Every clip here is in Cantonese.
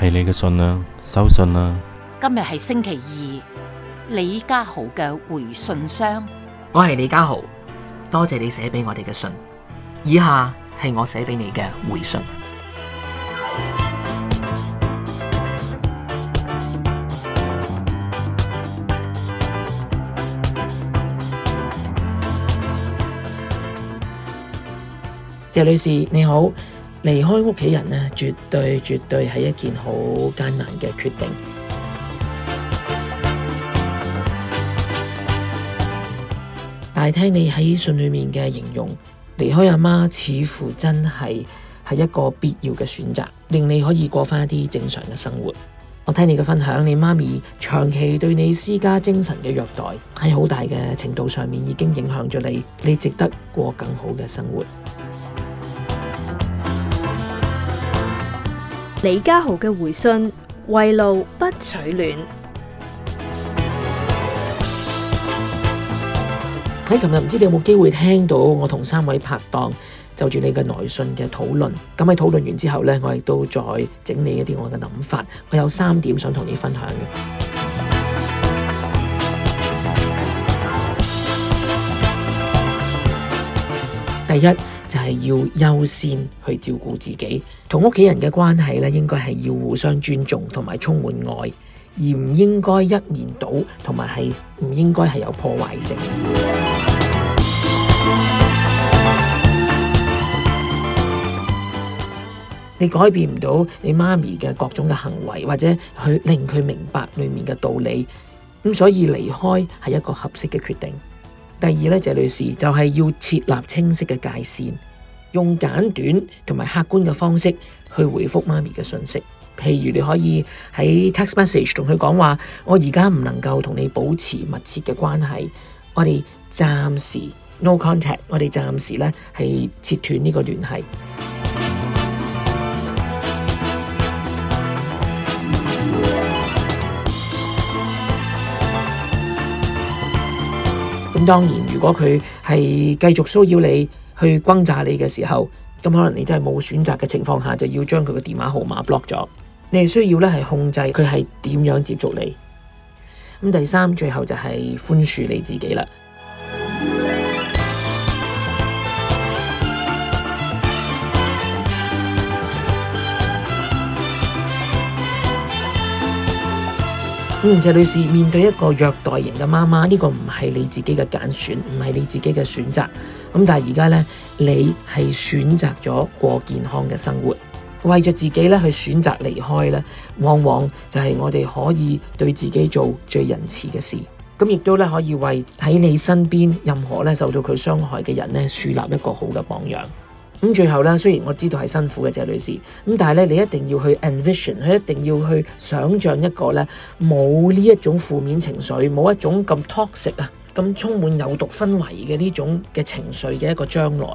係你嘅信啦，收信啦。今日係星期二，李家豪嘅回信箱。我係李家豪，多謝你寫俾我哋嘅信。以下係我寫俾你嘅回信。謝女士，你好。離開屋企人咧，絕對絕對係一件好艱難嘅決定。但係聽你喺信裏面嘅形容，離開阿媽似乎真係係一個必要嘅選擇，令你可以過翻一啲正常嘅生活。我聽你嘅分享，你媽咪長期對你施加精神嘅虐待，喺好大嘅程度上面已經影響咗你，你值得過更好嘅生活。李家豪嘅回信，圍爐不取暖。喺琴日唔知你有冇機會聽到我同三位拍檔就住你嘅來信嘅討論。咁喺討論完之後呢，我亦都再整理一啲我嘅諗法。我有三點想同你分享嘅。第一。就係要優先去照顧自己，同屋企人嘅關係咧，應該係要互相尊重同埋充滿愛，而唔應該一面倒，同埋係唔應該係有破壞性。你改變唔到你媽咪嘅各種嘅行為，或者去令佢明白裏面嘅道理，咁所以離開係一個合適嘅決定。第二咧，謝女士就係、是就是、要設立清晰嘅界線，用簡短同埋客觀嘅方式去回覆媽咪嘅訊息。譬如你可以喺 text message 同佢講話，我而家唔能夠同你保持密切嘅關係，我哋暫時 no contact，我哋暫時咧係切斷呢個聯繫。當然，如果佢係繼續騷擾你、去轟炸你嘅時候，咁可能你真係冇選擇嘅情況下，就要將佢嘅電話號碼 block 咗。你係需要咧係控制佢係點樣接觸你。咁第三，最後就係寬恕你自己啦。嗯，謝女士面對一個虐待型嘅媽媽，呢個唔係你自己嘅揀選，唔係你自己嘅選擇。咁但係而家呢，你係選擇咗過健康嘅生活，為咗自己咧去選擇離開呢，往往就係我哋可以對自己做最仁慈嘅事，咁亦都咧可以為喺你身邊任何咧受到佢傷害嘅人咧樹立一個好嘅榜樣。咁最後咧，雖然我知道係辛苦嘅，謝女士咁，但係咧，你一定要去 envision，佢一定要去想像一個咧冇呢一種負面情緒，冇一種咁 toxic 啊，咁充滿有毒氛圍嘅呢種嘅情緒嘅一個將來。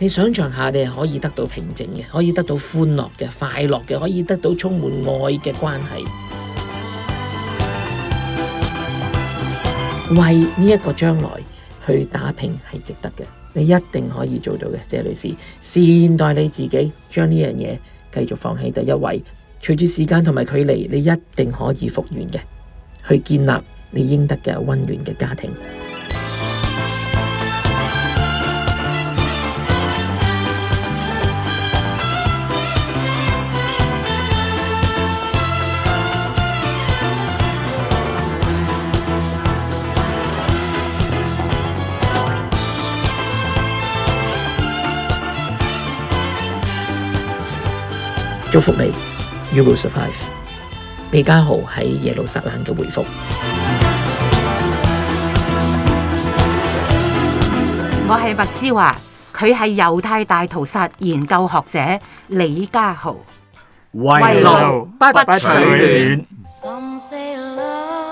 你想像一下，你係可以得到平靜嘅，可以得到歡樂嘅、快樂嘅，可以得到充滿愛嘅關係。為呢一個將來去打拼係值得嘅。你一定可以做到嘅，謝女士，善待你自己，將呢樣嘢繼續放喺第一位。隨住時間同埋距離，你一定可以復原嘅，去建立你應得嘅溫暖嘅家庭。祝福你，You will survive。李家豪喺耶路撒冷嘅回覆。我係麥之華，佢係猶太大屠殺研究學者李家豪。圍爐不取暖。